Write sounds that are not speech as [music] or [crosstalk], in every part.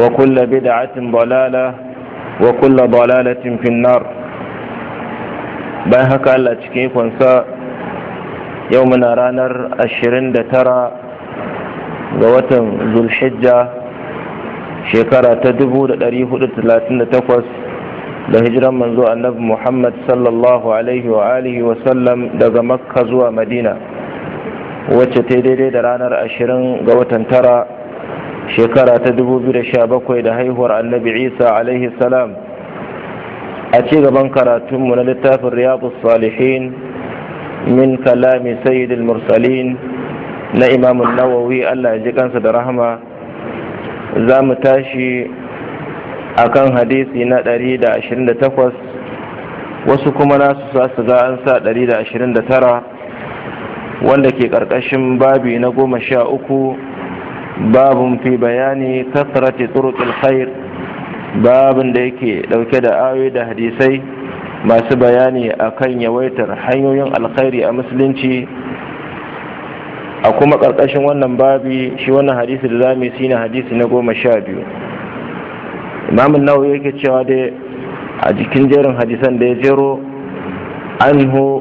وكل بدعة ضلالة وكل ضلالة في النار bayan haka Allah cikin ikonsa yau muna ranar 29 ga watan zulhijja shekara ta 1438 da hijiran manzo annabi Muhammad sallallahu alaihi wa alihi wa sallam daga makka zuwa madina wacce ta daidai da ranar 20 ga watan tara shekara ta 2017 da haihuwar annabi isa alaihi salam a ci gaban karatunmu na littafin Riyabu salihin min kalami sayyidul mursalin na imamun nawawi allah ya ji kansa da rahama za mu tashi akan hadisi na 128 wasu kuma nasu sa su ga an sa 129 wanda ke ƙarƙashin babi na goma sha uku باب في بيان كثرة طرق الخير باب ديك لو كده آوي ده حديثي ما سبياني أكن يويتر حيوين الخير أمسلنشي a kuma ƙarƙashin wannan babi shi wannan hadisi da zamu yi na hadisi na goma sha biyu imamun nawawi yake cewa dai a jikin jerin hadisan da ya jero anhu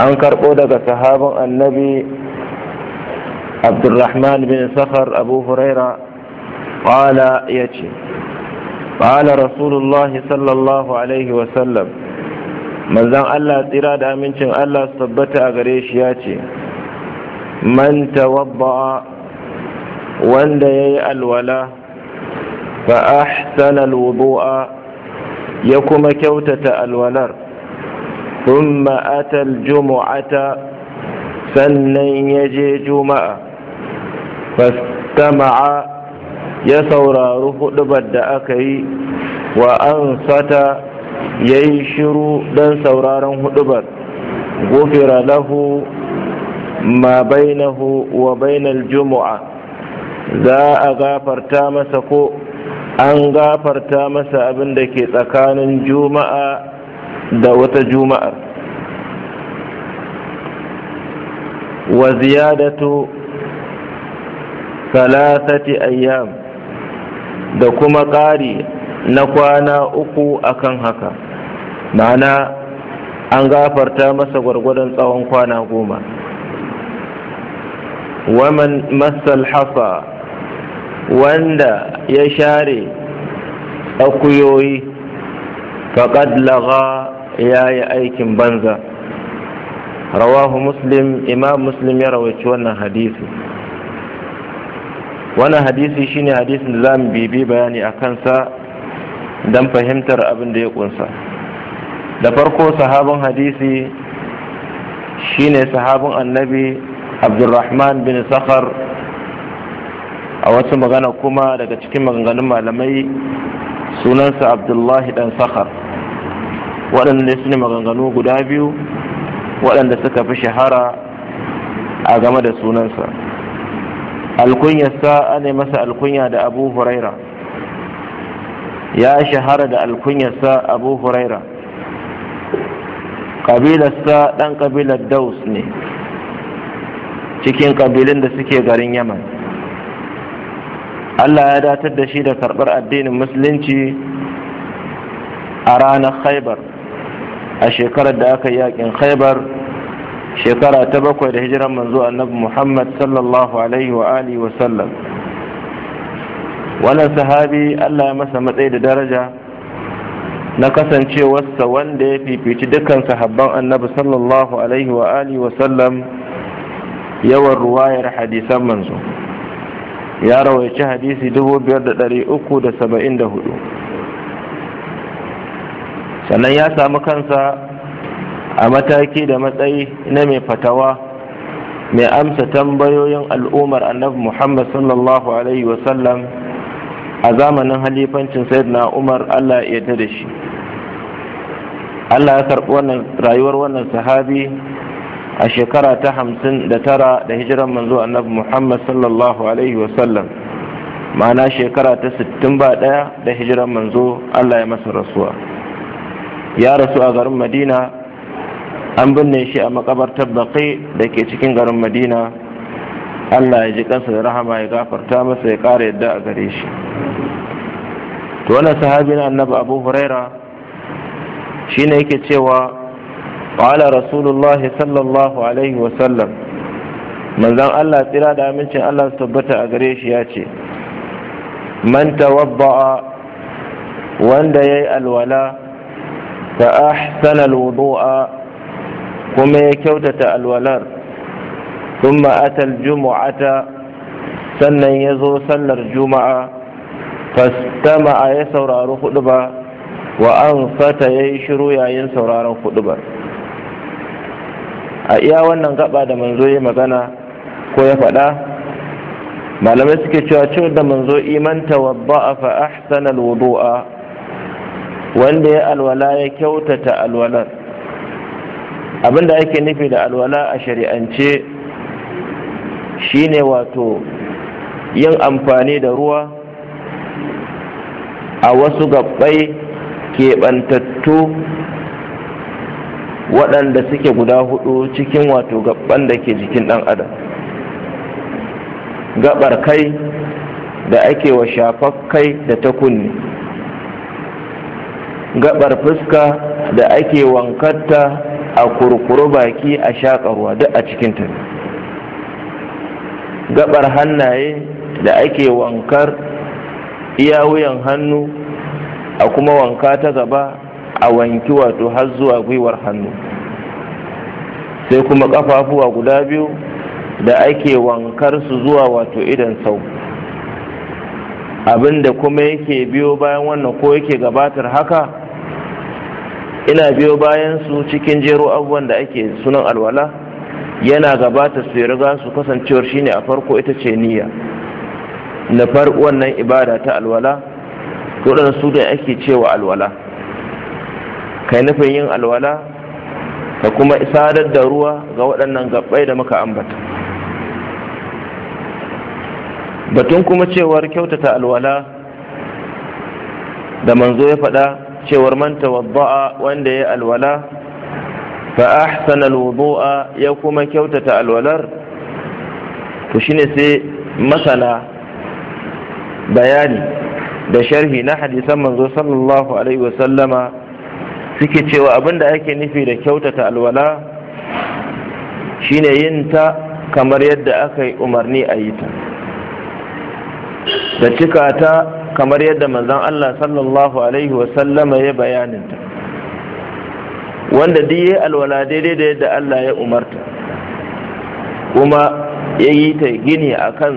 an karɓo daga sahaban annabi عبد Bin بن سخر أبو هريرة قال يجي قال رسول الله صلى الله عليه وسلم manzan Allah tsira da amincin Allah su a gare shi ya ce man tawabba'a wanda ya yi alwala fa ahsana alwudu'a ya kuma kyautata alwalar thumma atal jumu'ata sannan ya je juma'a fastama'a ya saurari hudubar da aka yi wa an sata ya yi shiru don sauraron hudubar gufira lahu ma bainahu wa bainal juma'a za a gafarta masa ko an gafarta masa abin da ke tsakanin juma'a da wata juma'ar wa ziyadatu salasati ayyam da kuma ƙari na kwana uku akan haka ma'ana an gafarta masa gwargwadon tsawon kwana goma waman masal hafa wanda ya share akuyoyi faƙad laga ya yi aikin banza rawahu muslim imam muslim ya rawaci wannan hadisi wannan hadisi shine hadisin da za mu bibi bayani a kansa don fahimtar abin da ya kunsa da farko sahabin hadisi shine sahabin annabi abdulrahman bin sakhar a wasu magana kuma daga cikin maganganun malamai sunansa abdullahi dan sakhar waɗanda su ne maganganu guda biyu waɗanda suka fi shahara a game da sunansa alkunyarsa ana masa alkunya da abu huraira ya shahara da alkunyarsa abu huraira ƙabilarsa ɗan kabilar daus ne cikin ƙabilun da suke garin yaman allah ya datar da shi da karɓar addinin musulunci a ranar khaibar a shekarar da aka yi yakin khaibar shekara ta bakwai da hijiran manzo annabi muhammad sallallahu alaihi wa alihi wa sallam wannan sahabi allah ya masa matsayi da daraja na kasancewarsa wanda ya fifici dukkan sahabban annabi sallallahu alaihi wa alihi wa sallam yawan ruwayar hadisan manzo ya rawaici hadisi 5374 sannan ya samu kansa a mataki da matsayi na mai fatawa mai amsa tambayoyin al'ummar annabi muhammad sallallahu alaihi wasallam a zamanin halifancin sayyidina umar allah ya yarda da shi allah ya karɓi wannan rayuwar wannan sahabi a shekara ta hamsin da tara da hijiran manzo annabi muhammad sallallahu alaihi wasallam ma'ana shekara ta sittin ba ɗaya da hijiran manzo allah ya masa rasuwa ya rasu a garin madina an binne shi a makabartar baƙi da ke cikin garin madina allah ya ji kansa da rahama ya gafarta masa ya ƙara yadda a gare shi to wannan sahabi na annabi abu huraira shine yake cewa ala rasulullahi sallallahu alaihi wa sallam manzon allah tsira da amincin allah su tabbata a gare shi ya ce man tawabba'a wanda ya yi alwala ta ahsana alwudu'a kuma ya kyautata alwalar thumma atal jumu'ata sannan ya zo sallar juma'a fastama'a ya saurari huduba wa an fata ya yi shiru yayin sauraron hudubar a iya wannan gaba da manzo ya magana ko ya faɗa malamai suke cewa cewa da manzo imanta wa ba'a fa ahsana alwudu'a wanda ya alwala ya kyautata alwalar Abin da ake nufi da alwala a shari'ance shine wato yin amfani da ruwa a wasu gabbai keɓantattu waɗanda suke guda hudu cikin wato gabban da ke jikin ɗan adam gabar kai da ake wa shafar kai da ta kunne gabar fuska da ake wankarta a kurkuru baki a shakarwa duk a cikinta gabar hannaye da ake wankar iya wuyan hannu a kuma wanka ta gaba a wanki wato har zuwa gwiwar hannu sai kuma kafafuwa guda biyu da ake wankar su zuwa wato idan sau abinda kuma yake biyo bayan wannan ko yake gabatar haka ina biyo bayan su cikin jero abubuwan da ake sunan alwala yana gabata su riga su kasancewar shine a farko ita ce niyya na far wannan ibada ta alwala waɗanda su da ake cewa alwala kai nufin yin alwala ka kuma sadar da ruwa ga waɗannan gabbai da muka ambata batun kuma cewar kyautata alwala da manzo ya faɗa cewar man tawadda'a wanda ya alwala fa ahsana alwudu'a ya kuma kyautata alwalar to shine sai masana bayani da sharhi na hadisan manzo sallallahu alaihi wa sallama, suke cewa abinda ake nufi da kyautata alwala shine yin ta kamar yadda aka yi umarni a yi ta da cika ta kamar yadda manzon Allah sallallahu alaihi wasallama ya bayaninta wanda duk ya alwala daidai da yadda Allah ya umarta kuma ya yi ta gini akan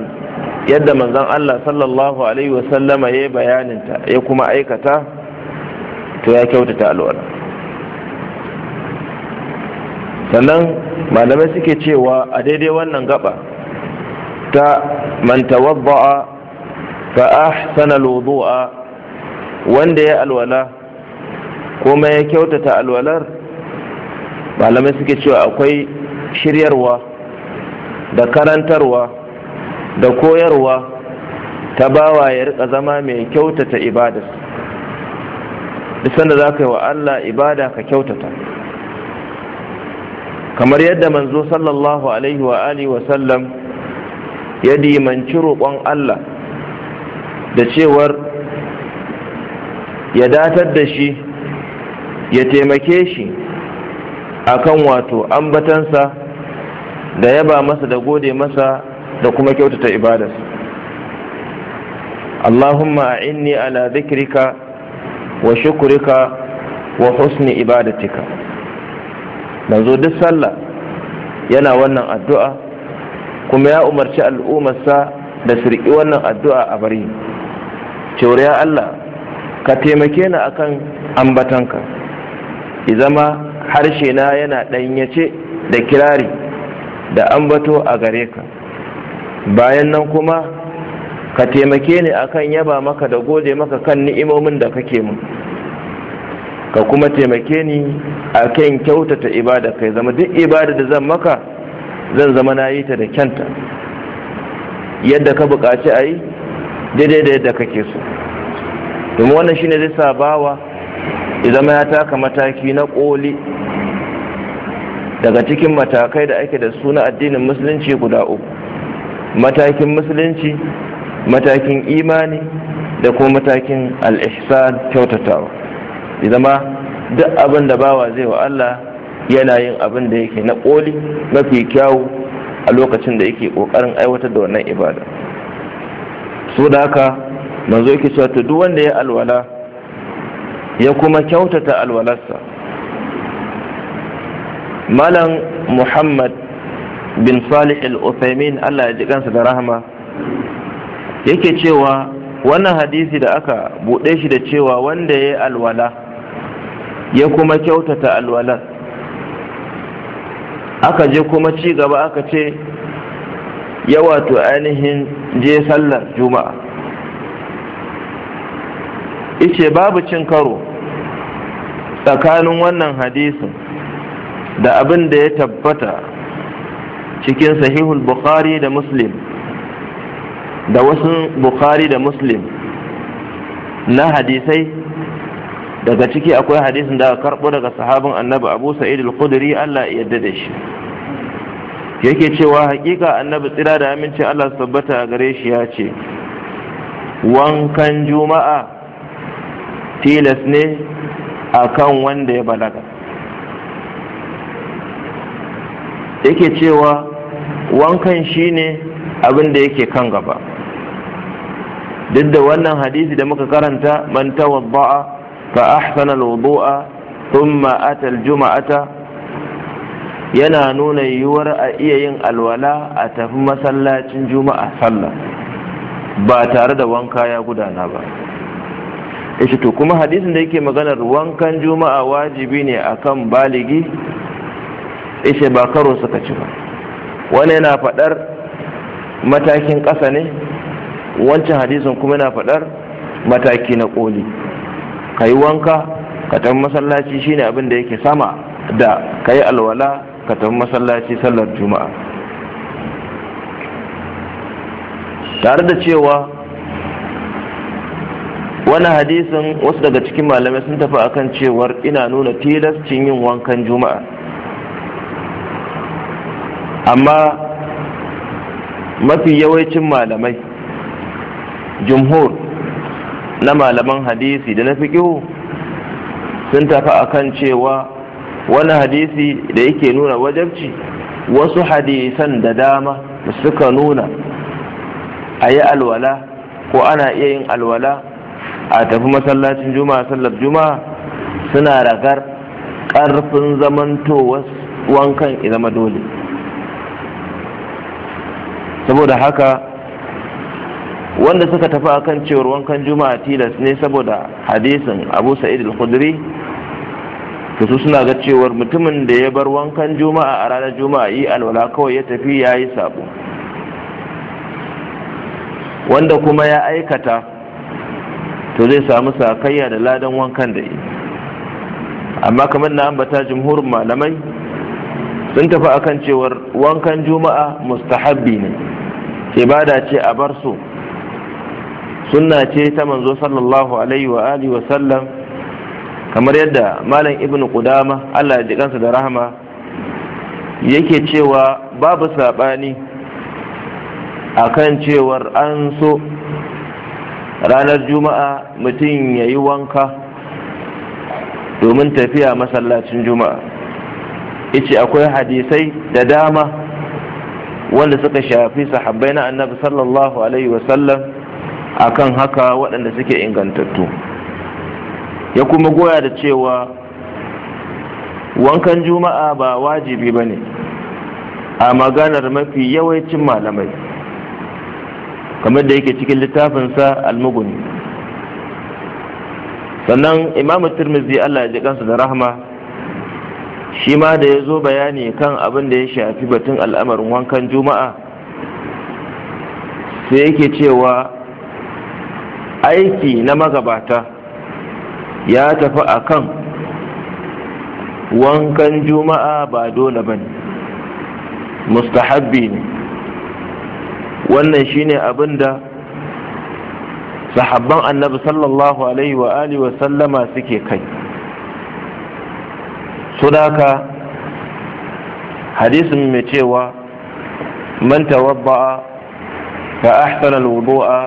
yadda manzon Allah sallallahu alaihi wasallama ya bayaninta ya kuma aikata to ya kyautata alwala sannan malamai suke cewa a daidai wannan gaba ta man tawabba'a fa ahsana alwudu'a wanda ya alwala kuma ya kyautata alwalar malamai suke cewa akwai shiryarwa da karantarwa da koyarwa ta bawa ya rika zama mai kyautata ibadar sanda za ka yi wa Allah ibada ka kyautata kamar yadda manzo sallallahu alaihi wa alihi wa sallam ya dimanci roƙon Allah da cewar ya datar da shi ya taimake shi akan wato ambatansa da yaba masa da gode masa da kuma kyautata ibadar allahumma a'inni ala zikrika wa shukurika wa husni ibadatika zo duk sallah yana wannan addu'a kuma ya umarci al'ummarsa da su riƙi wannan addu'a a bari cewar ya Allah ka taimake ni akan ambatanka izama harshe na yana ɗanyace da kirari da ambato a gare ka bayan nan kuma ka taimake ni akan yaba maka da gode maka kan ni'imomin da kake mun ka kuma taimake ni a kan kyautata ibada kai zama duk ibada da zan maka zan zama na yi ta da kyanta yadda ka buƙaci a yi daidai da yadda kake so domin wannan shine zai sa bawa izama ya taka mataki na koli daga cikin matakai da ake da suna addinin musulunci guda uku matakin musulunci matakin imani da kuma matakin al'ihsan kyautatawa zama duk abin da bawa zai wa Allah yana yin abin da yake na koli mafi kyawu a lokacin da yake ƙoƙarin aiwatar da wannan ibada Su da haka manzo yake cewa to duk wanda ya alwala ya kuma kyautata alwalarsa malam muhammad bin salih al-uthaymin Allah ya ji kansa da rahama yake cewa wannan hadisi da aka buɗe shi da cewa wanda ya alwala ya kuma kyautata alwalar aka je kuma ci gaba aka ce ya wato ainihin je sallar juma'a ice babu cin karo tsakanin wannan hadisin da abin da ya tabbata cikin sahihul bukhari da muslim da wasu bukhari da muslim na hadisai daga ciki akwai hadisin da aka karɓo daga sahabin annabi abu sa'id al-khudri Allah ya yarda da shi yake cewa hakika annabi tsira da amincin Allah su tabbata gare shi ya ce wankan juma'a tilas ne akan wanda ya balaga yake cewa wankan shine abin da yake kan gaba duk da wannan hadisi da muka karanta man tawadda'a fa ahsana al-wudu'a thumma jumaata yana nuna yiwuwar a iya yin alwala a tafi masallacin juma'a sallah ba tare da wanka ya gudana ba ishe to kuma hadisin da yake maganar wankan juma'a wajibi ne akan baligi ishe ba karo suka ci ba wani yana faɗar matakin ƙasa ne wancan hadisin kuma yana faɗar mataki na ƙoli ka yi wanka ka tafi masallaci shine abin da yake sama da ka yi alwala ka tafi masallaci sallar juma'a tare da cewa wani hadisin wasu daga cikin malamai sun tafi akan cewar ina nuna tilascin yin wankan juma'a amma mafi yawancin malamai jumhur na malaman hadisi da na fiƙihu sun tafi akan cewa wani hadisi da yake nuna wajabci wasu hadisan da dama suka nuna a yi alwala ko ana iya yin alwala a tafi masallacin juma'a sallar juma'a suna ragar ƙarfin zamantowar wankan zama dole saboda haka wanda suka tafi akan cewar wankan juma'a tilas ne saboda hadisin abu sa'id al-khudri to suna ga cewar mutumin da ya bar wankan juma'a a ranar juma'a yi alwala kawai ya tafi ya yi sabo wanda kuma ya aikata to zai samu sakayya da ladan wankan da yi amma kamar na ambata jimhurin malamai sun tafi a kan cewar wankan juma'a mustahabbi ne ibada ce a bar so sunna ce ta manzo sallallahu alaihi wa alihi wa sallam kamar yadda malam ibn qudama Allah ya ji kansa da rahama yake cewa babu sabani akan cewar an so ranar juma'a mutum ya yi wanka domin tafiya masallacin juma'a ice akwai hadisai da dama wanda suka shafi sahabbai na annabi sallallahu alaihi wasallam akan haka waɗanda suke ingantattu ya kuma goya da cewa wankan juma'a ba wajibi ba ne a maganar mafi yawancin malamai kamar da yake cikin littafinsa almuguni sannan imamu Turmizi allah ya ji kansa da rahama shi ma da ya zo bayani kan abin da ya shafi batun al'amarin wankan juma'a sai yake cewa aiki na magabata ya tafi a kan wankan juma'a ba dole ba ne mustahabbi ne wannan shine abin da sahabban annabi sallallahu alaihi wa alihi wa sallama suke kai sudaka hadisin mai cewa man tawabba'a fa ahsana al-wudu'a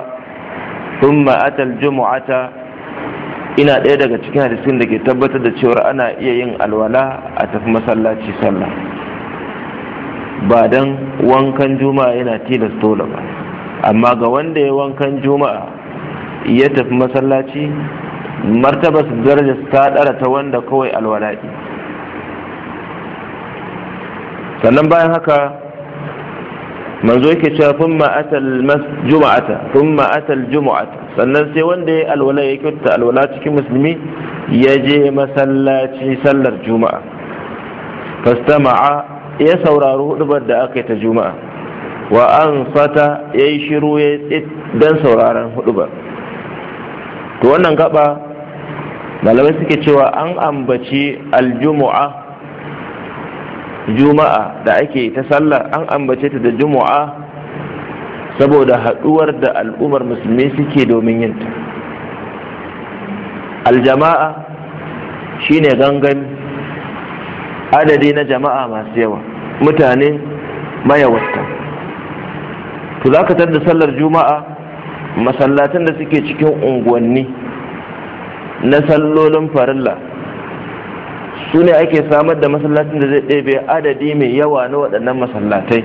thumma ata al-jum'ata ina ɗaya daga cikin hadisin da ke tabbatar da cewar ana iya yin alwala a tafi masallaci sallah ba don wankan juma'a yana tilastola ba amma ga wanda ya wankan juma'a ya tafi masallaci martaba su daraja ta ɗara ta wanda kawai alwala'i sannan bayan haka manzo yake cewa fun atal juma'ata juma'ata sannan sai wanda ya alwala ya kyauta alwala cikin musulmi ya je masallaci sallar juma'a fastama'a ya saurari hudubar da aka yi ta juma'a wa an fata ya yi shiru ya yi don sauraron hudubar to wannan gaba malamai suke cewa an ambaci aljumu'a juma'a da ake ta sallar an ambace ta da juma'a saboda haɗuwar da al'ummar musulmi suke domin yin ta aljama'a shine gangan adadi na jama'a masu yawa mutane mayawarta to za ka da sallar juma'a masallatan da suke cikin unguwanni na sallolin farilla su ne ake samar da masallacin da zai ɗebe adadi mai yawa na waɗannan masallatai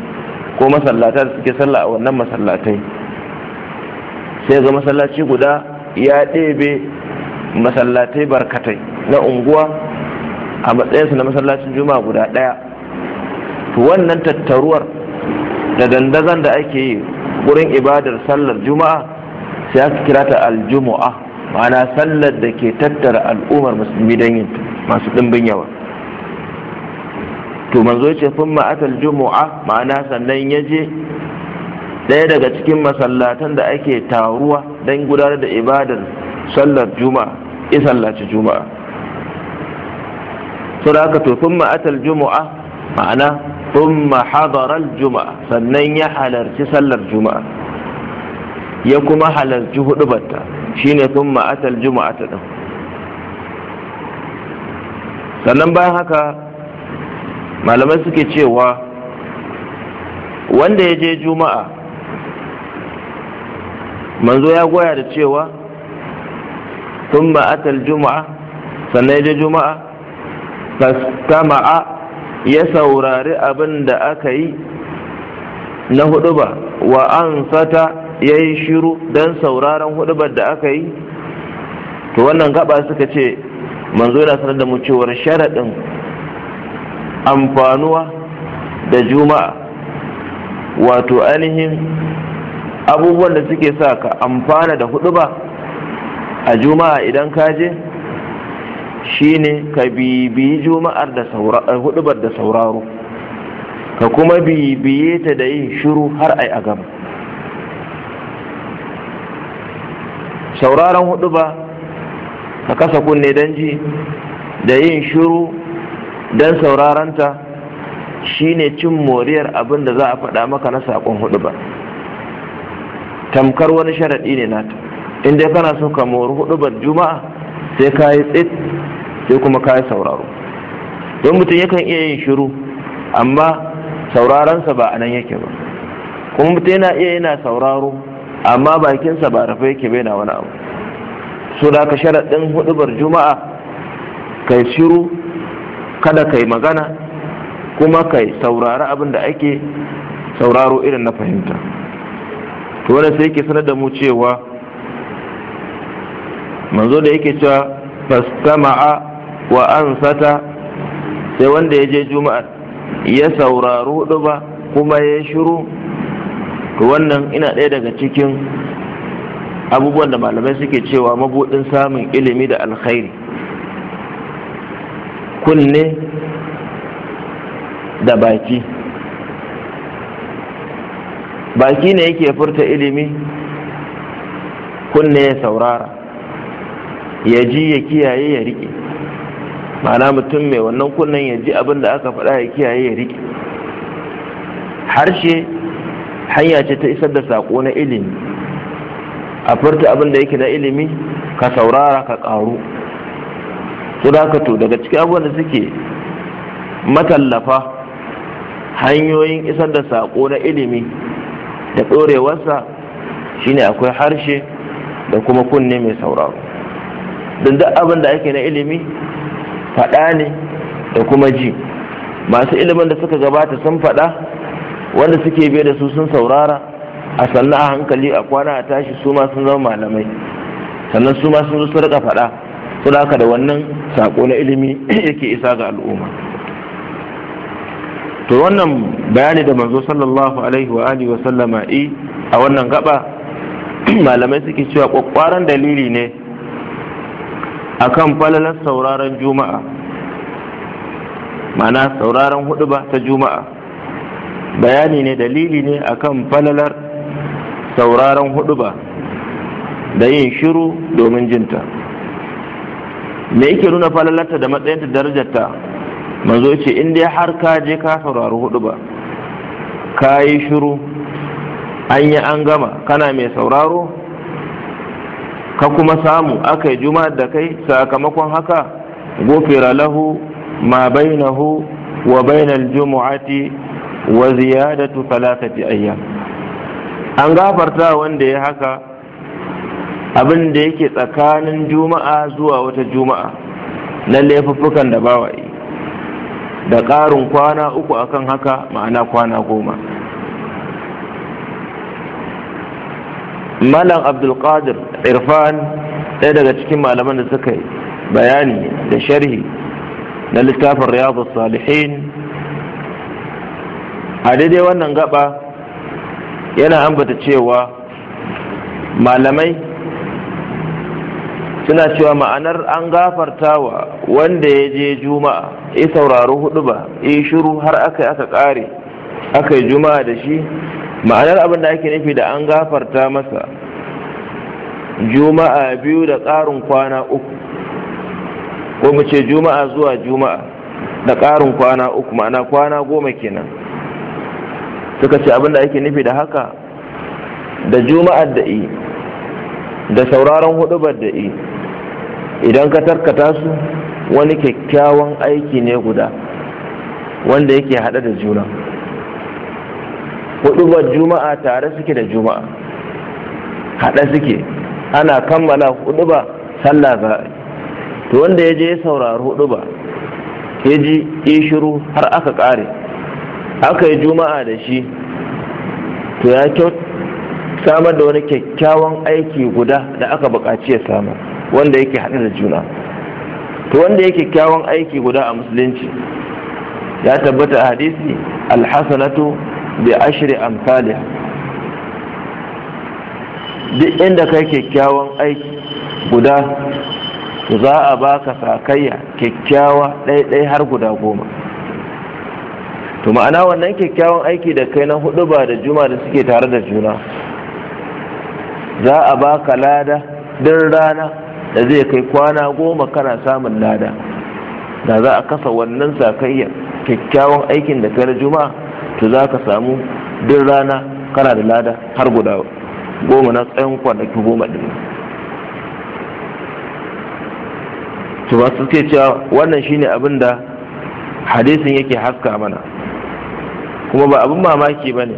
ko masallata da suke sallah a wannan masallatai sai ga masallaci guda ya ɗebe masallatai barkatai na unguwa a matsayinsu na masallacin juma'a guda ɗaya to wannan tattaruwar da dandazon da ake yi wurin ibadar sallar juma'a sai aka kira ta aljumu'a ma'ana sallar da ke tattara al'ummar musulmi don yin masu ɗimbin yawa to manzo ya ce fun ma'atal jumu'a ma'ana sannan ya je ɗaya daga cikin masallatan da ake taruwa don gudanar da ibadar sallar juma'a ya sallaci juma'a sun haka to fun ma'atal jumu'a ma'ana fun mahadaral juma'a sannan ya halarci sallar juma'a ya kuma halarci batta shine fun ma'atal juma'a ta ɗin sannan bayan haka malamai suke cewa wanda ya je juma'a manzo ya goya da cewa sun ma'atar juma'a sannan ya je juma'a fastama'a ya saurari abin da aka yi na huɗuba. wa an sata ya yi shiru don sauraron hudubar da aka yi to wannan gaba suka ce manzo yana sanar da mu cewar sharaɗin amfanuwa da juma'a wato ainihin abubuwan da suke sa ka amfana da hudu ba a juma'a idan ka je shine ka bibiyi juma'ar da eh, hudubar da sauraro ka kuma bibiye ta da yin shiru har ai a gaba sauraron hudu ba ka kasa kunne don ji da yin shiru don sauraranta shine cin moriyar abin da za a faɗa maka na saƙon hudu ba tamkar wani sharaɗi ne nata in dai kana so ka mori hudu ba juma'a sai ka yi tsit sai kuma ka yi sauraro don mutum yakan iya yin shiru amma sa ba a nan yake ba kuma mutum yana iya yana sauraro amma bakinsa ba rafa yake bai na wani abu so da ka sharaɗin huɗubar juma'a kai shiru kada ka yi magana kuma ka saurari abin da ake sauraro irin na fahimta to wanda sai yake sanar da mu cewa manzo da yake cewa fastama'a wa ansata sai wanda ya je juma'ar ya saurari hudu ba kuma ya shiru to wannan ina ɗaya daga cikin abubuwan da malamai suke cewa mabuɗin samun ilimi da alkhairi kunne da baki baki ne yake furta ilimi kunne ya saurara ya ji ya kiyaye ya riƙe ma'ana mutum mai wannan kunnen ya ji abin da aka faɗa ya kiyaye ya riƙe harshe hanya ce ta isar da saƙo na ilimi a furta abin da yake na ilimi ka saurara ka ƙaru su daga cikin abubuwan da suke matallafa hanyoyin isar da saƙo na ilimi da ɗorewarsa shine akwai harshe da kuma kunne mai sauraro don duk abin da ake na ilimi faɗa ne da kuma ji masu ilimin da suka gabata sun faɗa wanda suke biye da su sun saurara a sannan a hankali a kwana a tashi su ma sun zama malamai sannan su ma sun zo su rika faɗa saboda ka da wannan sako na ilimi [clears throat] yake isa ga al'umma to wannan bayani da manzo sallallahu alaihi wa alihi wa sallama i a wannan gaba [clears throat] malamai suke cewa kwakwaran dalili ne akan falalar sauraron juma'a mana sauraron hudu ba ta juma'a bayani ne dalili ne akan falalar sauraron hudu ba da yin shiru domin jinta me yake nuna falalarta da matsayinta darajarta manzo ce in dai har ka je ka saurari hudu ba ka yi shiru an yi an gama kana mai sauraro ka kuma samu aka yi juma'ar da kai sakamakon haka gofira lahu ma bainahu wa bainal jumu'ati wa ziyadatu talakati ayyam an gafarta wanda ya haka abin da yake tsakanin juma'a zuwa wata juma'a na laifuffukan da bawa yi da ƙarin kwana uku akan haka ma'ana kwana goma malam abdulkadir irfan ɗaya daga cikin malaman da suka yi bayani da sharhi na littafin riyadu salihin a daidai wannan gaba yana ambata cewa malamai suna cewa ma'anar an gafarta wa wanda ya je juma'a ya saurari hudu ba ya shiru har aka aka kare aka yi juma'a da shi ma'anar abin da ake nufi da an gafarta masa juma'a biyu da ƙarin kwana uku ko mu ce juma'a zuwa juma'a da ƙarin kwana uku ma'ana kwana goma kenan suka ce abin da ake nufi da haka da juma'ar da i da sauraron hudubar da i idan ka tarkata su wani kyakkyawan aiki ne guda wanda yake hada da juna hudubar juma'a tare suke da juma'a hada suke ana kammala ba sallah za to wanda ya je ya saurari ba ya ji ya shiru har aka kare aka yi juma'a da shi to ya kyau samar da wani kyakkyawan aiki guda da aka bukaci ya samar wanda yake haɗe da juna to wanda yake kyawun aiki guda a musulunci ya tabbata a hadisi alhassanatu bi ashri amsalih duk inda kai kyakkyawan aiki guda za a baka sakayya kyakkyawa ɗaiɗai har guda goma to ma'ana wannan kyakkyawan aiki da kai na hudu ba da juma da suke tare da juna za a baka lada din rana da zai kai kwana goma kana samun lada da za a kasa wannan sakayya kyakkyawan aikin da kai na juma'a to za ka samu duk rana kana da lada har guda goma na tsayin kwanaki goma din to ba suke cewa wannan shine abin da hadisin yake haska mana kuma ba abin mamaki ba ne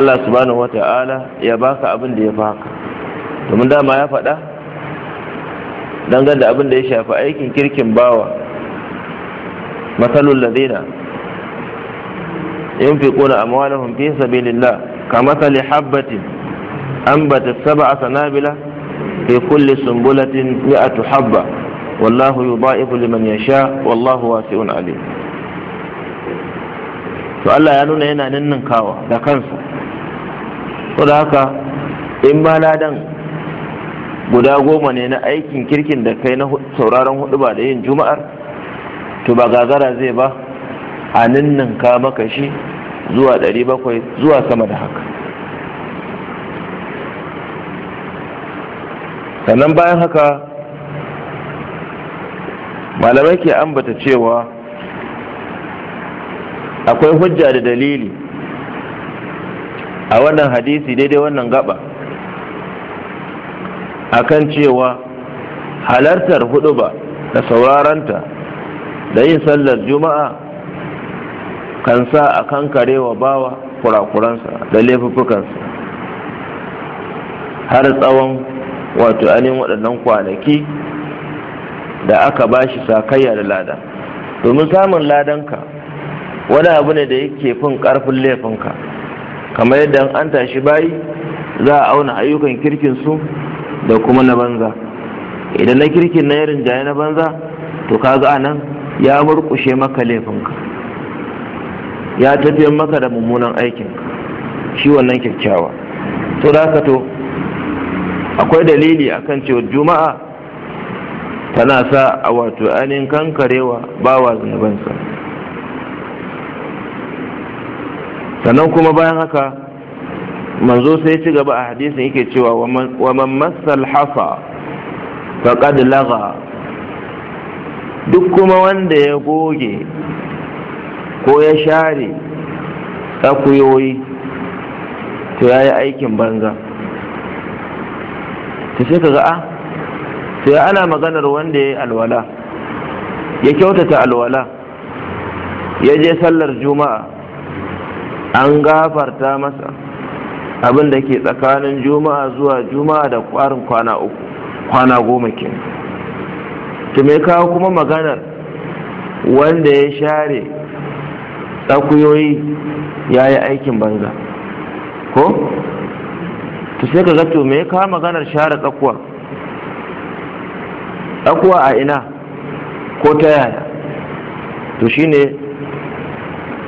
allah subhanahu Ta'ala ya baka abin da ya baka domin dama ya faɗa dangane da abin da ya shafi aikin kirkin bawa matsalul ladina yunfiquna amwalahum fi sabilillah kamathali habbatin anbatat sab'a sanabila fi kulli sunbulatin mi'atu habba wallahu yudha'ifu liman yasha wallahu wasi'un alim to Allah ya nuna yana ninninkawa da kansa ko da haka in ba ladan guda goma ne na aikin kirkin da kai na sauraron hudu ba da yin juma'ar to ba gagara zai ba a ka maka shi zuwa ɗari bakwai zuwa sama da haka sannan bayan haka malamai ke ambata cewa akwai hujja da dalili a wannan hadisi daidai wannan gaba akan cewa halartar huduba da sauraron ta da yin sallar juma'a kan sa a wa bawa kurakuransa da laifukansa har tsawon wato anin waɗannan kwanaki da aka ba shi sakayya da lada domin samun ladanka wani abu ne da yake fin ƙarfin laifinka kamar yadda an tashi bayi za a auna ayyukan kirkin su. da kuma na banza idan na kirkin na yarin jaye na banza to kaga anan ya murkushe maka laifinka ya tafiyar maka da mummunan aikinka shi wannan kyakkyawa to da haka to akwai dalili akan cewa juma'a tana sa a wato ainihin kankarewa bawa zunubansa sannan kuma bayan haka manzo sai ci gaba a hadisin yake cewa wa man massal hasa faqad laga duk kuma wanda ya goge ko ya share tsakuyoyi to ya aikin banza ta sai ka ga'a ah, to ya ana maganar wanda ya alwala ya kyautata alwala ya je sallar juma'a an gafarta masa abin da ke tsakanin juma'a zuwa juma'a da ƙwarin kwana uku kwana goma ke to me kawo kuma maganar wanda ya share tsakuyoyi ya yi aikin banza ko to sai ka zato to me kawo maganar share tsakuwa tsakuwa a ina ko ta yaya to shine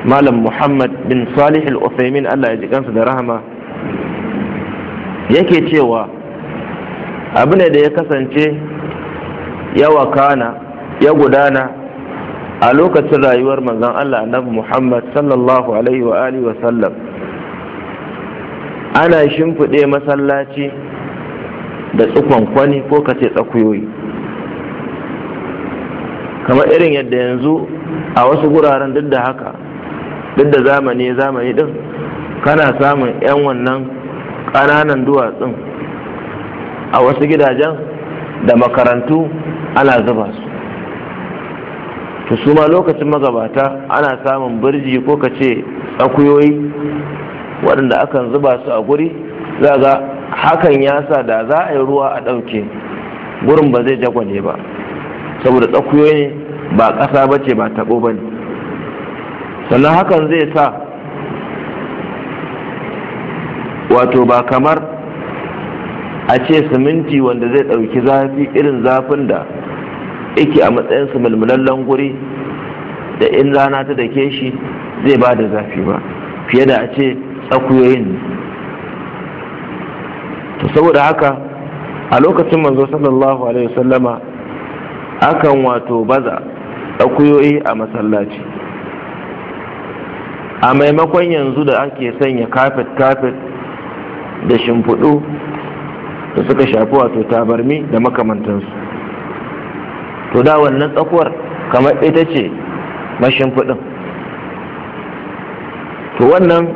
malam muhammad bin salih al-uthaymin allah ya ji kansa da rahama yake cewa abu ne da ya kasance ya wakana ya gudana a lokacin rayuwar manzon Allah annabi Muhammad sallallahu alaihi wa alihi wa sallam ana shimfiɗe masallaci da tsukon kwani ko kace tsakuyoyi kamar irin yadda yanzu a wasu guraren duk da haka duk da zamani zamani din kana samun 'yan wannan ƙananan duwatsun a wasu gidajen da makarantu ana zuba su to su ma lokacin magabata ana samun birji ko ka ce tsakuyoyi waɗanda akan zuba su a guri za ga hakan ya sa da za a yi ruwa a ɗauke gurin ba zai jagwale ba saboda tsakuyoyi ba ƙasa ba ce ba taɓo ba ne sannan hakan zai sa wato ba kamar a ce siminti wanda zai ɗauki zafi irin zafin da yake a matsayin mulmulallen guri da in rana ta dake shi zai ba da zafi ba fiye da a ce tsakuyoyin Ta saboda haka a lokacin manzo sallallahu alaihi wasallama akan wato baza tsakuyoyi a masallaci a maimakon yanzu da ake sanya kafet kafet da shimfiɗu da suka shafi wato tabarmi da makamantansu to da wannan tsakuwar kamar ita ce mashimfiɗin to wannan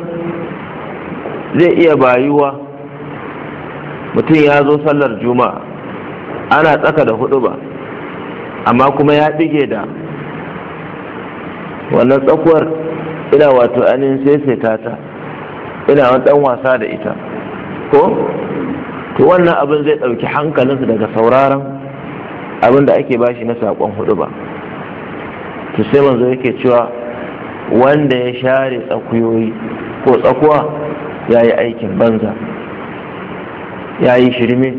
zai iya bayuwa mutum ya zo sallar juma'a ana tsaka da hudu ba amma kuma ya ɗige da wannan tsakuwar ina wato anin sai ta ina wani ɗan wasa da ita ko to wannan abin zai ɗauki hankalinsu daga sauraron abin da ake bashi na saƙon hudu ba to sai manzo yake cewa wanda ya share tsakuyoyi ko tsakuwa ya yi aikin banza ya yi shirme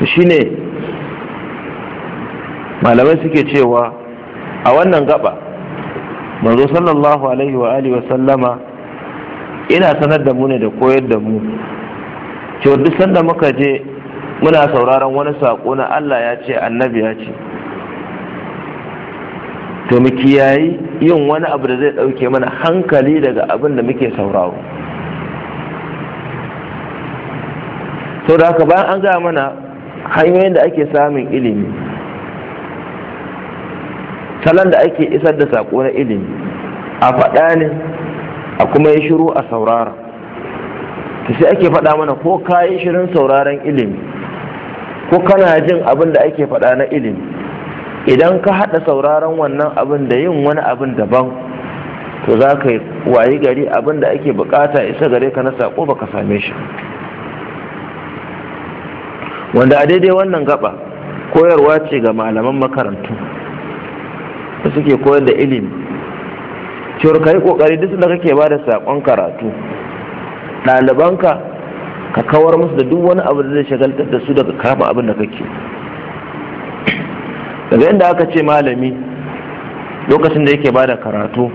to shine malamai suke cewa a wannan gaba manzo sallallahu alaihi wa alihi wa sallama ina sanar da mu ne da koyar da mu cewa duk sanda muka je muna sauraron wani sako na Allah ya ce annabi ya ce to mu kiyayi yin wani abu da zai ɗauke mana hankali daga abin da muke sauraro to da haka bayan an gaya mana hanyoyin da ake samun ilimi salon da ake isar da sako na ilimi a faɗa ne a kuma yi shiru a saurara ta sai ake faɗa mana ko ka yi shirin sauraron ilimi ko kana jin abin da ake faɗa na ilimi idan ka haɗa sauraron wannan abin da yin wani abin daban to za ka wayi gari abin da ake bukata isa gare ka na saƙo ka same shi wanda a daidai wannan gaba koyarwa ce ga malaman makarantu da suke koyar da ilimi cewar ka yi ƙoƙari duk da kake ba da saƙon karatu ɗalibanka ka kawar musu da duk wani abu da zai shagaltar da su daga kama abin da kake daga yadda aka ce malami lokacin da yake ba da karatu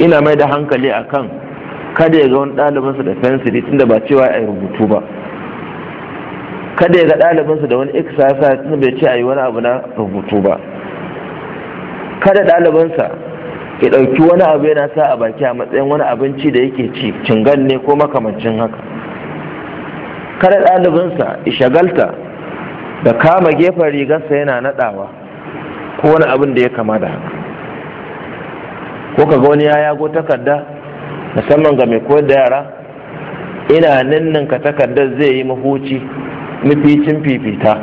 ina mai da hankali a kan kada ya ga wani ɗalibinsa da fensiri tunda ba cewa a yi rubutu ba kada ya ga ɗalibinsa da wani tun tunda bai ce a yi wani abu na rubutu ba kada ɗalibinsa ya ɗauki wani abu yana sa a baki a matsayin wani abinci da yake ci cingan ne ko makamancin haka kada ɗalibinsa ishagalta da kama gefen rigarsa yana naɗawa ko wani abin da ya kama da haka ko kaga wani ya yago takarda musamman ga mai koyar da yara ina ninninka takardar zai yi mahuci maficin fifita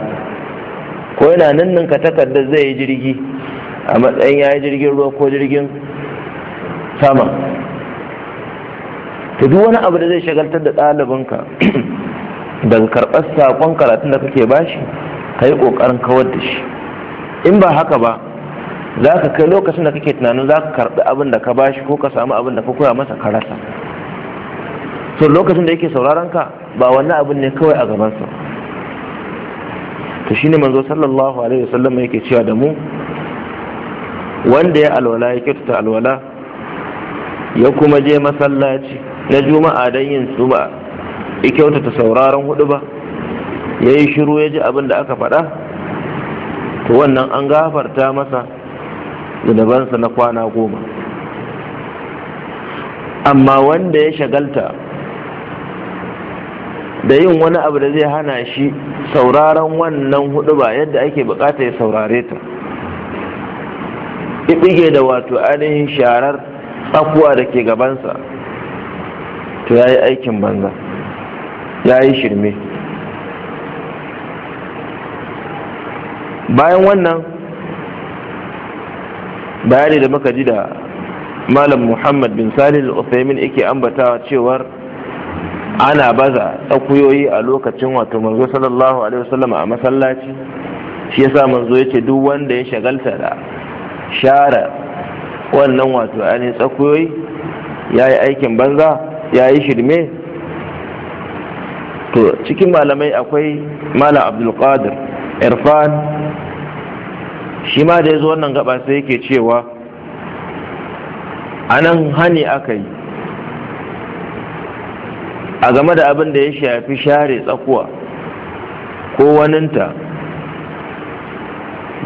ko ina ninninka takardar zai yi jirgi a matsayin ya yi jirgin ruwa ko jirgin sama ta duk wani abu da zai shagaltar da ɗalibinka [clears throat] daga karɓar saƙon karatun da kake bashi ka yi ƙoƙarin kawar da shi in ba haka ba za ka kai lokacin da kake tunanin za ka karɓi abin da ka bashi ko ka samu abin da ka koya masa ka rasa lokacin da yake sauraron ka ba wannan abin ne kawai a gabansa to shine manzo sallallahu alaihi wasallam yake cewa da mu wanda ya alwala ya kyautata alwala ya kuma je masallaci na juma'a don yin tsuba ya ta sauraron hudu ba ya yi shiru ya ji abin da aka faɗa to wannan an gafarta masa zunubansa na kwana goma amma wanda ya shagalta da yin wani abu da zai hana shi sauraron wannan hudu ba yadda ake bukata ya saurare ta ibige da wato ainihin sharar akuwa da ke gabansa to ya yi aikin banza ya yi shirme bayan wannan bayani da muka ji da malam muhammad bin salih al-uthaymin yake ambatawa cewar ana baza tsakuyoyi a lokacin wato manzo sallallahu alaihi wasallam a masallaci shi yasa manzo yace duk wanda ya shagalta da share wannan wato ainihin tsakuyoyi ya yi aikin banza ya yi shirme to cikin malamai akwai malam abdulkadir irfan shi ma da ya zo wannan gaba sai yake cewa a nan hani aka yi a game da abin da ya shafi share tsakuwa ko waninta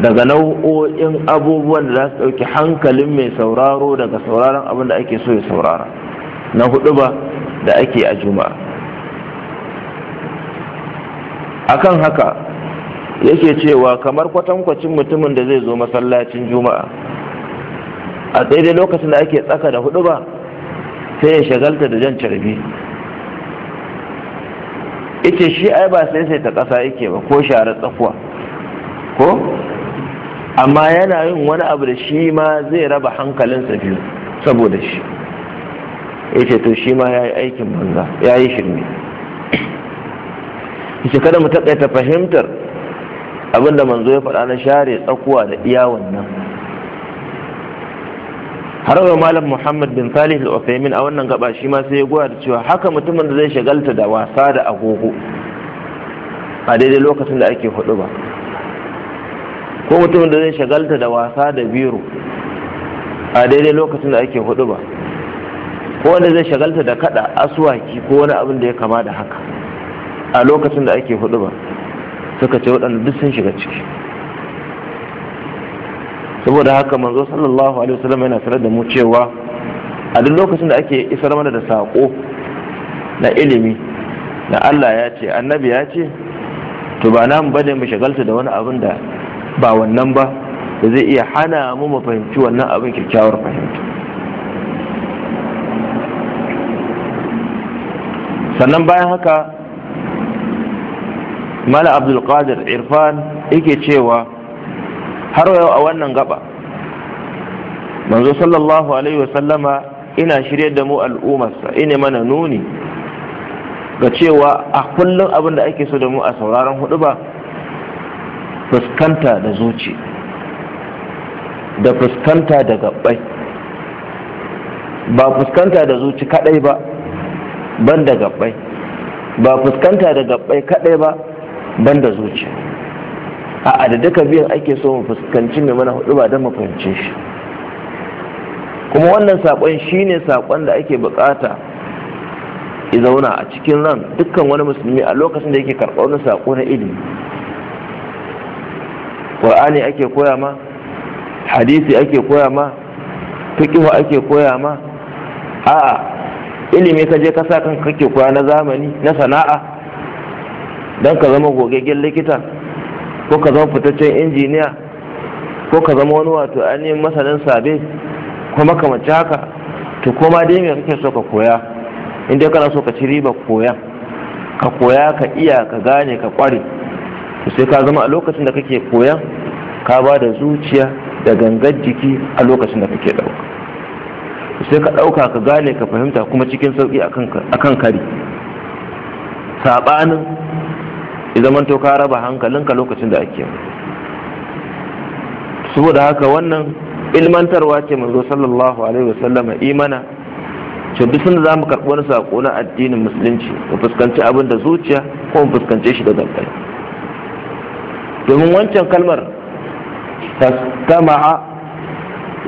daga nau'o'in abubuwan da za su ɗauki hankalin mai sauraro daga sauraron abin da ake so ya saurara na hudu ba da ake a juma'a akan haka yake cewa kamar kwatankwacin mutumin da zai zo masallacin juma'a a daidai lokacin da ake tsaka da hudu ba sai ya shagalta da jan carbi ita shi ai ba sai sai ta ƙasa yake ba ko share tsakuwa ko amma yana yin wani abu da shi ma zai raba hankalinsa biyu saboda shi ya ce to shi ma ya yi aikin banza ya yi shirme kada mu taƙaita fahimtar abinda manzo ya faɗa na share tsakuwa da iya wannan har wa malam muhammad bin salih al-uthaymin a wannan gaba shi ma sai ya goya da cewa haka mutumin da zai shagalta da wasa da agogo a daidai lokacin da ake hudu ba ko mutumin da zai shagalta da wasa da biro a daidai lokacin da ake hudu ba ko wanda zai shagalta da kada asuwaki ko wani abin da ya kama da haka a lokacin da ake hudu ba suka ce waɗanda duk sun shiga ciki saboda haka manzo sallallahu alaihi wasallam yana sanar da mu cewa a duk lokacin da ake isar mana da saƙo na ilimi na Allah ya ce annabi ya ce to ba namu bane mu shagalta da wani abin da ba wannan ba da zai iya hana mu mu fahimci wannan abin kyakkyawar fahimta sannan bayan haka mala abdulkadir irfan yake cewa har yau a wannan gaba manzo sallallahu alaihi wasallama ina shirye da mu al'ummarsa ina mana nuni ga cewa a kullum abin da ake so da mu a sauraron hudu ba fuskanta da zuci da fuskanta da gabbai ba fuskanta da zuci kadai ba ban da gabbai ba fuskanta da gabbai kadai ba ban da zuci a da duka biyan ake so mu fuskanci mai mana hudu ba don mu fahimce shi kuma wannan saƙon ne saƙon da ake bukata zauna a cikin ran dukkan wani musulmi a lokacin da yake karɓar wani saƙo na ilimi qur'ani ake koya ma hadisi ake koya ma fiqh ake koya ma a'a ilimi ka je ka sa kanka kake koya na zamani na sana'a dan ka zama gogaggen likita ko ka zama fitaccen injiniya ko ka zama wani wato ainihin masanin sabe ko makamanci haka to koma dai me kake so ka koya in dai kana so ka ci riba koya ka koya ka iya ka gane ka kware sai ka zama a lokacin da kake koyan ka ba da zuciya da gangar jiki a lokacin da kake ɗauka sai ka ɗauka ka gane ka fahimta kuma cikin sauki akan kari sabanin idan ka raba hankalinka lokacin da ake saboda haka wannan ilmantarwa ce manzo sallallahu alaihi wasallama imana ce duk sanda zamu karɓi wani sako na addinin musulunci ka fuskanci abin da zuciya ko mu fuskance shi da gangan domin wancan kalmar tastama'a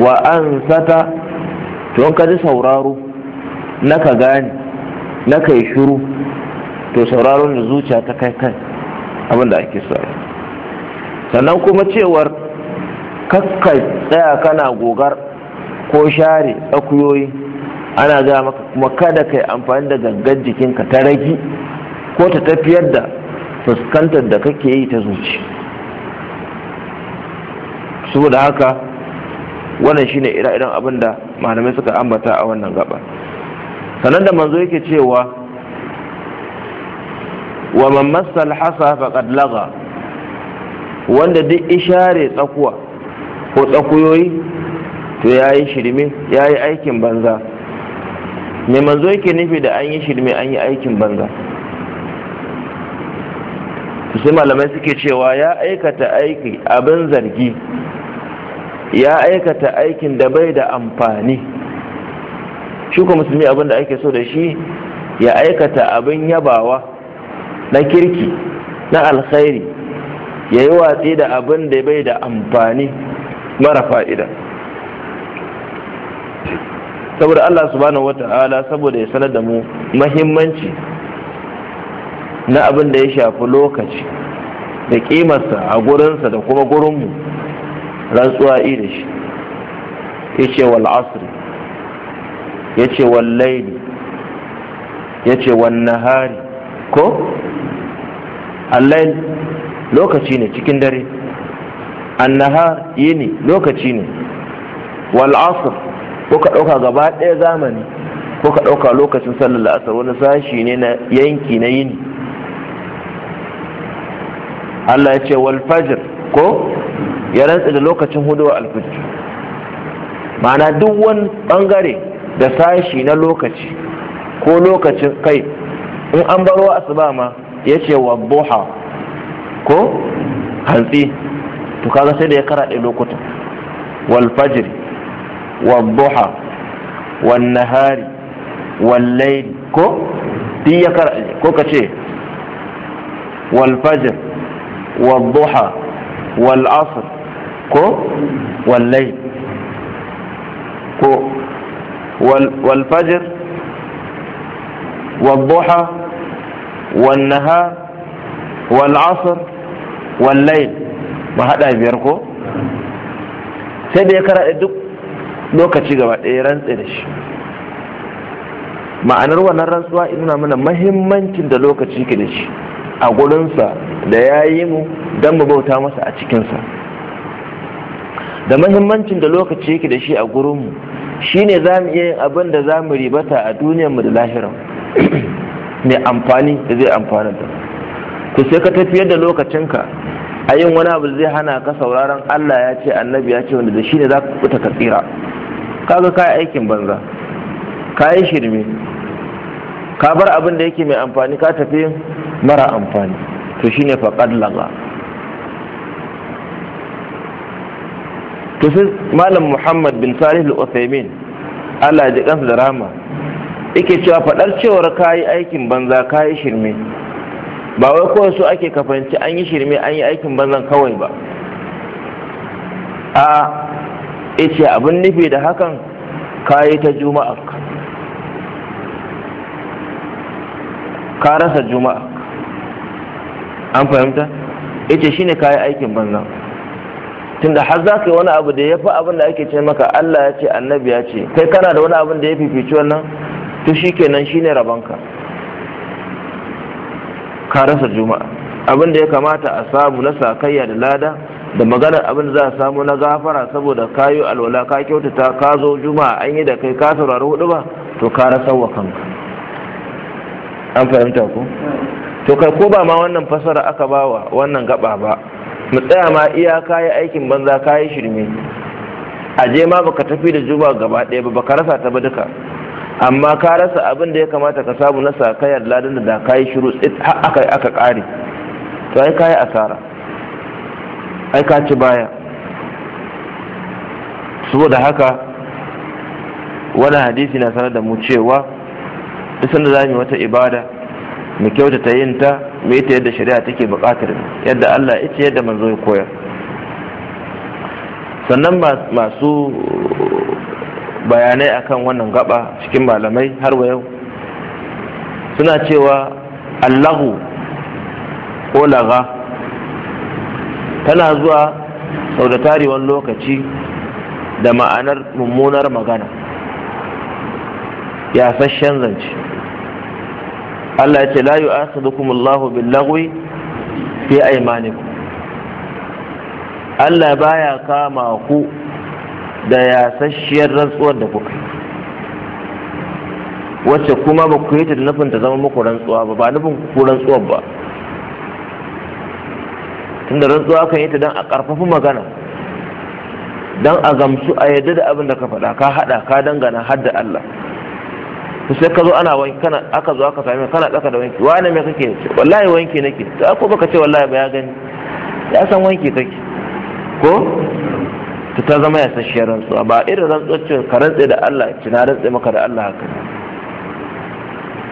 wa ansata to ka ji sauraro na ka gane na ka yi shiru to sauraron da zuciya ta kai kai abin da ake sa. sannan kuma cewar kakka tsaya kana gogar ko share tsakuyoyi ana gaya maka kuma kada kai amfani da gangan jikinka ta ragi ko ta tafiyar da fuskantar da kake yi ta zuci saboda haka wannan shine ira iren abin da malamai suka ambata a wannan gaba sannan da manzo yake cewa wa man massa hasa faqad laga wanda duk ishare tsakuwa ko tsakuyoyi to yayi shirme yayi aikin banza me manzo yake nufi da an yi shirme an yi aikin banza sai malamai suke cewa ya aikata aiki abin zargi ya aikata aikin da bai da amfani shi ko musulmi abin da ake so da shi ya aikata abin yabawa na kirki na alkhairi ya yi watsi da abin da bai da amfani mara fa'ida saboda Allah subhanahu wata'ala saboda ya sanar da mu mahimmanci na abin da ya shafi lokaci da kimarsa a gurinsa da kuma gurinmu rantsuwa irin shi ya ce wal asri ya ce wal laili ya ce wal nahari ko allail lokaci ne cikin dare annahar yini lokaci ne wal asr ko ka ɗauka gaba ɗaya zamani ko ka ɗauka lokacin sallar la'asar wani sashi ne na yanki na yini Allah ya ce wal fajr ko ya rantsa da lokacin huduwa alfijir ma'ana duk wani bangare da sashi na lokaci ko lokacin kai in an baro asuba ma ya ce wa buha ko hantsi to kaga sai da ya karaɗe lokutan wal fajr wa buha wal nahari wal layl ko duk ya karaɗe ko ka ce wal fajr wa buha wal ko wallai ko wal fajr Wannaha? duha wal wallai ba haɗa biyar ko sai da ya kara duk lokaci gaba ɗaya rantse da shi ma'anar wannan rantsuwa ina mana mahimmancin da lokaci ke da shi a gudunsa da ya yi mu don mu bauta masa a cikinsa da mahimmancin da lokaci yake da shi a gurinmu shine za mu iya yin abin da za mu ribata a duniyarmu da lahiran [clears throat] mai amfani da zai amfana da ku sai ka tafiyar da lokacinka a yin wani abu zai hana ka sauraron Allah ya ce annabi ya ce wanda da shi ne za ka kuta ka tsira kaga ka aikin banza ka shirme ka bar abin da yake mai amfani ka tafi mara amfani to shine faqad laga to sai malam muhammad bin salih al-uthaymin Allah ji kansa da rama yake cewa fadar cewar kayi aikin banza kayi shirme ba wai kawai su ake kafanci an yi shirme an yi aikin banzan kawai ba a yace abin nufi da hakan kayi ta juma'a ka rasa juma'a an fahimta yace shine kayi aikin banzan tunda har za ka yi wani abu da ya fi abin da ake ce maka Allah ya ce annabi ya ce kai kana da wani abin da ya fifici wannan to shi kenan shi ne rabonka ka rasa juma'a abin da ya kamata a samu na sakayya da lada da maganar abin da za a samu na gafara saboda ka yi alwala ka kyautata ka zo juma'a an yi da kai ka saurari hudu ba to ka rasa wa kanka an fahimta ko to kai ko ba ma wannan fasara aka bawa wannan gaba ba mu tsaya ma iya kayi aikin banza kayi shirme a je ma baka tafi da juba gaba ɗaya ba baka rasa ta ba duka amma ka rasa abin da ya kamata ka samu na sakayar ladan da da kayi shiru tsit har aka aka ƙare to ai kayi asara ai ka ci baya saboda haka wani hadisi na sanar da mu cewa duk sanda za mu yi wata ibada mu kyautata yin ta mu yi yadda shari'a take buƙatar yadda Allah ya ce yadda manzo ya koyar sannan masu bayanai akan wannan gaba cikin malamai har wa yau suna cewa allahu ko laga tana zuwa sau da tarewan lokaci da ma'anar mummunar magana yasashen zance Allah ya ce la yu'akhidhukum Allahu bil lagwi fi aymanikum Allah baya kama ku da yasasshiyar rantsuwar da kuka wacce kuma ba ku yi ta nufin ta zama muku rantsuwa ba ba nufin ku rantsuwar ba tunda rantsuwa kan yi ta don a ƙarfafi magana don a gamsu a yadda da abin da ka faɗa ka haɗa ka dangana har da Allah to sai ka zo ana wanki kana aka zo aka same kana tsaka da wanki wani me kake wallahi wanki nake to ko baka ce wallahi ba ya gani ya san wanki kake ko ta ta zama ya sashi rantsuwa ba irin rantsuwar ce ka rantse da Allah ci na rantse maka da Allah haka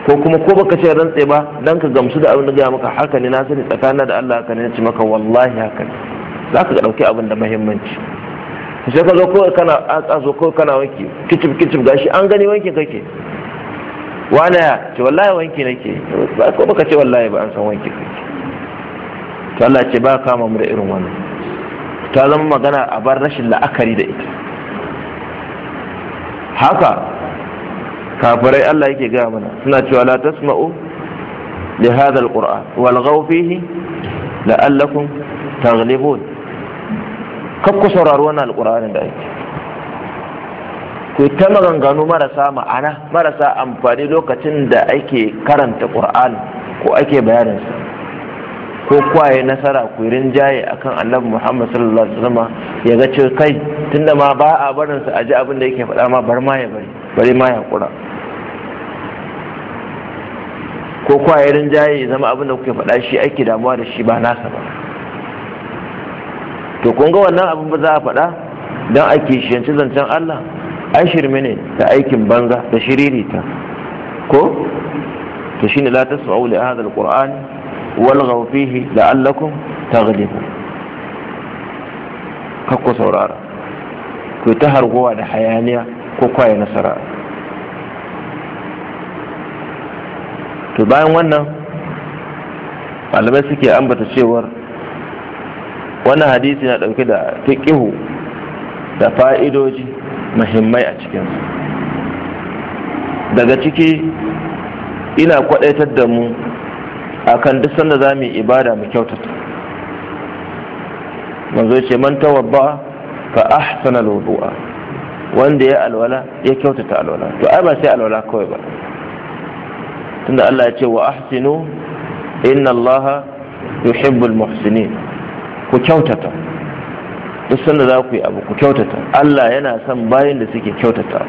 ko kuma ko baka ce rantse ba dan ka gamsu da abin da ga maka haka ne na sani tsakanin da Allah haka ne ci maka wallahi haka ne za ka dauki abin da muhimmanci sai ka zo kawai kana a zo kawai kana wanki kicif kicif gashi an gani wankin kake wala ya ce wallahi wanki nake ba ko baka ce wallahi ba an san wanki kake to Allah ce ba kama mu da irin wannan ta zama magana a bar rashin la'akari da ita haka kafirai Allah yake gaya mana suna cewa la tasma'u li hadha alquran wal ghaw fihi la'allakum taghlibun kakku sauraro wannan alquranin da ake ku ta maganganu marasa ma'ana marasa amfani lokacin da ake karanta ƙur'ani ko ake bayaninsa ko kwaye nasara ku rinjaye akan annabi muhammad sallallahu alaihi wasallam ya ga cewa kai tunda ma ba a barinsa a ji abin da yake faɗa ma bar ma ya bari bari ma ya kura ko kwaye rinjaye zama abin da kuke faɗa shi ake damuwa da shi ba nasa ba to kun ga wannan abin ba za a faɗa don a kishiyanci zancen allah ai shirme da aikin banza da shiririta ko to shine la tasma'u li hadha alquran wal fihi la'allakum ka kakku saurara ku ta hargowa da hayaniya ko kwaye nasara to bayan wannan malamai suke ambata cewar wannan hadisi na dauke da fiƙihu da fa'idoji muhimmai a cikinsu daga ciki ina kwadaitar da mu akan duk sanda za mu yi ibada mu kyautata manzo ce man tawabba fa ahsana alwudu'a wanda ya alwala ya kyautata alwala to ai ba sai alwala kawai ba tunda Allah ya ce wa ahsinu inna Allah yuhibbul muhsinin ku kyautata duk sanda za ku yi abu ku kyautata Allah yana son bayan da suke kyautata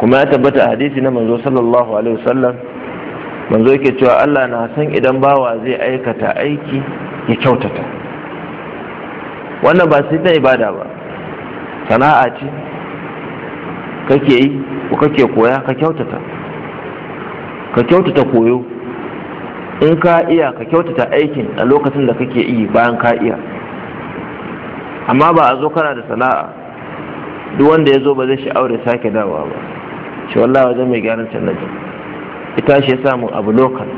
kuma ya tabbata hadisi na manzo sallallahu alaihi wasallam manzo yake cewa Allah na san idan bawa zai aikata aiki ya kyautata wannan ba sai ta ibada ba sana'a ce kake yi ko kake koya ka kyautata ka kyautata koyo in ka iya ka kyautata aikin a lokacin da kake yi bayan ka iya amma ba a zo kana da sana'a duk wanda ya zo ba zai aure sake dawa ba shi wallahi wajen mai gyaran can naji ita shi ya samu abu lokal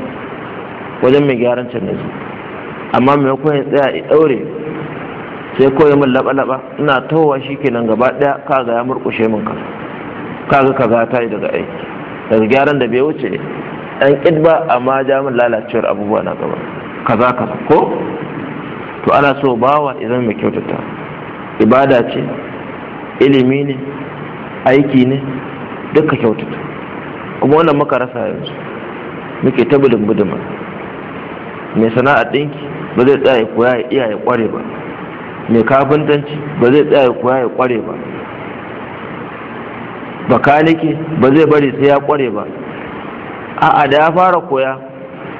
wajen mai gyaran can naji amma mai koyan tsaya ya daure sai koyi min laba-laba ina towa shi kenan gaba daya kaga ya murkushe min ka kaga kaza ta yi daga aiki daga gyaran da bai wuce ɗan ƙid ba amma ja min lalacewar abubuwa na gaba kaza kaza ko to ana so bawa idan mai kyautata ibada ce ilimi ne aiki ne duka kyautata kuma wannan muka rasa yanzu muke ta budin buduma mai sana'a ɗinki ba zai tsaya koya ya iya ya kware ba mai kafintanci ba zai tsaya koya ya kware ba bakanike ba zai bari sai ya kware ba a'a da ya fara koya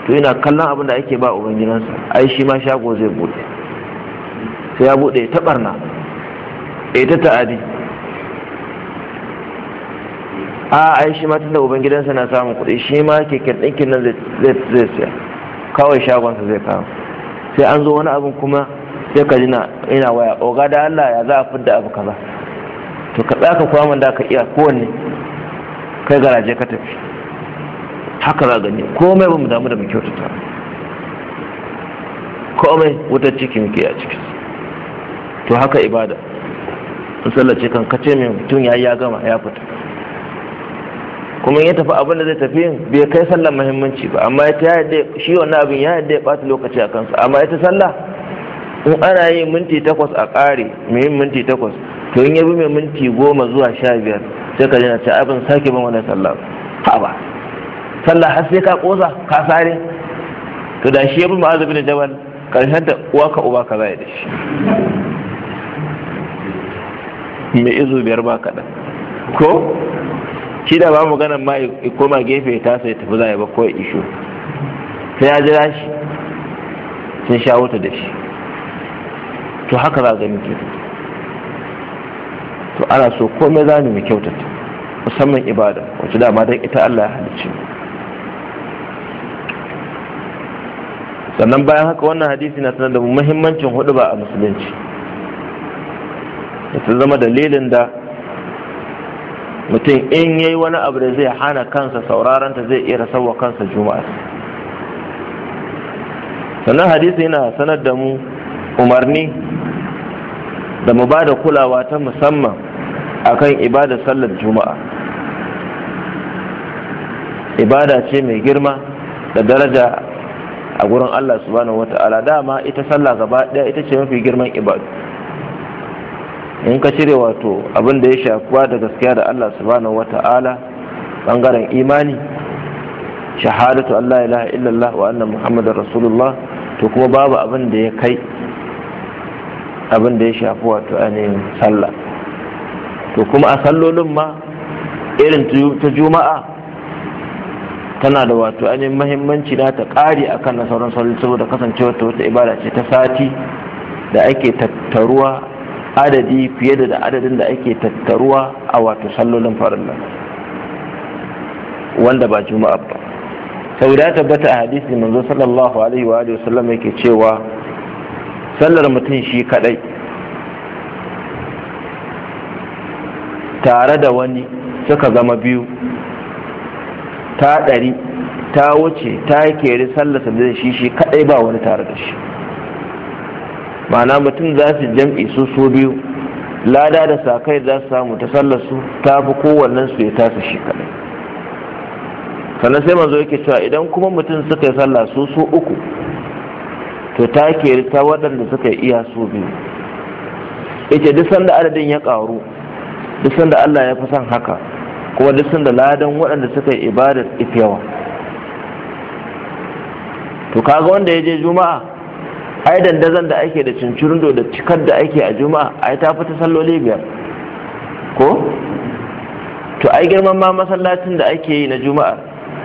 to yana kallon abin da ake ba ubangidansa ai shi ma shago zai bude sai ya bude ta barna ita adi a ai shi ma tunda gidansa na samun kuɗi shi ma keken ɗinkin nan zai siya kawai shagonsa zai kawo sai an zo wani abin kuma sai ka jina ina waya oga da Allah ya za a fidda abu kaza to ka tsaka kwaman da ka iya kowanne kai garaje ka tafi haka za gani komai ba mu damu da mu kyautata komai wutar ciki muke a ciki to haka ibada in sallar ce kan kace mai mutum ya ya gama ya fita kuma ya tafi abin da zai tafi bai kai sallar muhimmanci ba amma ya ta yadda shi wannan abin ya yadda ya bata lokaci a kansa amma ya sallah in ana yi minti takwas a ƙare mai minti takwas to in ya bi mai minti goma zuwa sha biyar sai ka jina ce abin sake ban wani sallah ha ba sallah har sai ka ƙosa ka sare to da shi ya bi ma'azabi da jabal karshen ta uwa ka uba ka zai da shi mai izu biyar ba kaɗan ko shi da ba mu ganin ma koma gefe ta sai tafi zai ba ko isho sai ya jira shi sun sha wuta da shi to haka za gani ke to ana so komai za mu kyautata musamman ibada wacce dama don ita Allah ya halicci sannan bayan haka wannan hadisi na sanar da muhimmancin hudu ba a musulunci ta zama dalilin da mutum in yi wani abu da zai hana kansa ta zai iya rasawa kansa juma'a sannan hadisi yana sanar da mu umarni da mu ba da kulawa ta musamman akan ibada sallar juma'a ibada ce mai girma da daraja a gurin allah subhanahu ta'ala dama ita sallah gaba ɗaya ita ce mafi girman ibadu in ka cire wato abin da ya shafuwa da gaskiya da Allah subhanahu wata'ala bangaren imani shahadatu Allah ilaha illallah wa anna muhammadar rasulullah to kuma babu abin da ya kai abin da ya shafi wato ainihin sallah to kuma a sallolin ma irin ta juma'a tana da wato ainihin mahimmanci na ta ƙari akan na sauran sallolin saboda kasancewa ta wata ibada ce ta sati da ake tattaruwa adadi fiye da adadin da ake tattaruwa a wato sallolin farin nan, wanda ba juma'a ba saboda ya tabbata a hadisi manzo sallallahu alaihi wa alihi wasallam yake cewa sallar mutum shi kadai tare da wani suka zama biyu ta ɗari ta wuce ta kere sallar da shi shi kadai ba wani tare da shi ma'ana mutum za su jam'i su su biyu lada da sakai za su samu ta sallar su ta fi kowannen su ya tasa shi kaɗai sannan sai manzo yake cewa idan kuma mutum suka yi sallah su su uku to ta ke ta waɗanda suka yi iya su biyu yake duk sanda adadin ya ƙaru duk sanda Allah ya fi son haka kuma duk sanda ladan waɗanda suka yi ibadar ifyawa yawa to kaga wanda ya je juma'a ai dandazon da ake da cincirindo da cikar da ake a juma'a ai ta fi ta salloli biyar ko to ai girman ma masallacin da ake yi na juma'a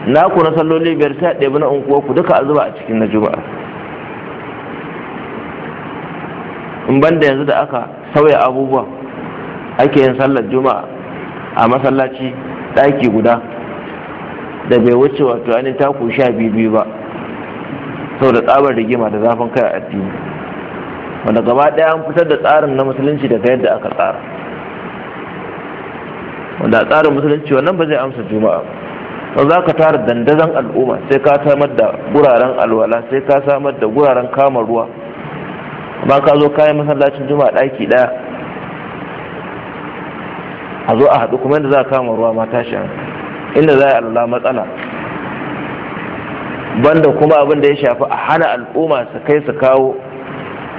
na ku na salloli biyar ta ɗebi na unguwa ku duka a zuba a cikin na juma'a in banda yanzu da aka sauya abubuwa ake yin sallar juma'a a masallaci ɗaki guda da bai wuce wato ainihin taku sha biyu biyu ba Sau da tsabar rigima da zafin kai a addini wanda gaba ɗaya an fitar da tsarin na musulunci daga yadda aka tsara wanda a tsarin musulunci wannan ba zai amsa juma'a ba za ka tara dandazon al'umma sai ka samar da guraren alwala sai ka samar da guraren kama ruwa ba ka zo kayan masallacin juma'a ɗaki ɗaya a zo a haɗu kuma yadda za a kama ruwa ma tashi inda za a yi alwala matsala banda kuma abin da ya shafi a hana al'umma su kai su kawo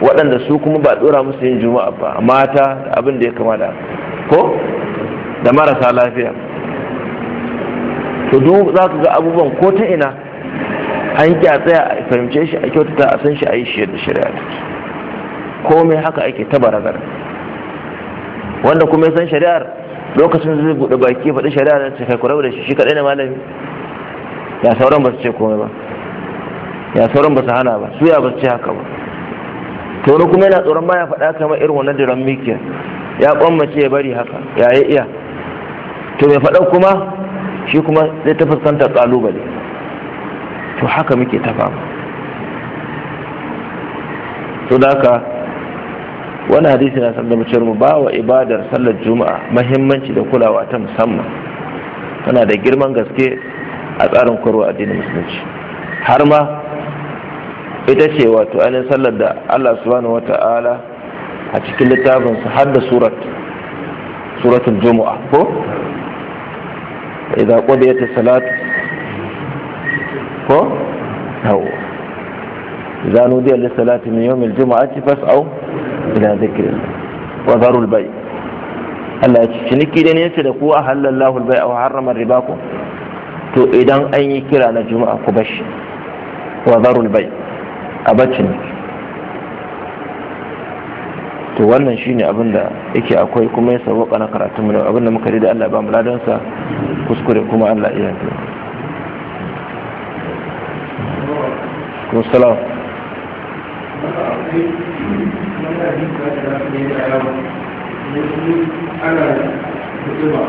waɗanda su kuma ba ɗora musu yin juma'a ba mata abin da ya kama da ko da marasa lafiya to duk za ka ga abubuwan ko ta ina an kya tsaya a fahimce shi a kyautata a san shi a yi shi da shari'a ko mai haka ake ta barazar wanda kuma ya san shari'ar lokacin zai buɗe baki faɗi shari'ar ta kai kurabu da shi shi kaɗai na malami ya sauran ba su ce komai ba ya sauran ba su hana ba suya ya ba su ce haka ba to wani kuma yana tsoron baya faɗa kama irin wannan diran mikiya ya kwammace ya bari haka ya yi iya to mai faɗa kuma shi kuma zai ta fuskanta ƙalubale to haka muke ta fama to da haka wani hadisi na sanda mace mu ba wa ibadar sallar juma'a mahimmanci da kulawa ta musamman tana da girman gaske a tsarin a addinin musulunci har ma ita ce wato ainihin sallar da Allah subhanahu ta'ala a cikin littafinsa har da surat suratul jumu'a ko idza qudiyat ta salat ko hawo idza nudiya lis-salati min yawm al-jumu'ati fas'au ila dhikrillah wa dharul bay' Allah ya ci ciniki da ne yace da ku a halallahu al-bai'a wa harrama ribakum to idan an yi kira na juma'a ku bashi wa zarul bai a bacci ne to wannan shine abin da yake akwai kuma ya sabo na karatun mu abin da muka da Allah ba mu ladansa kuskure kuma Allah iya yi kuma salam ana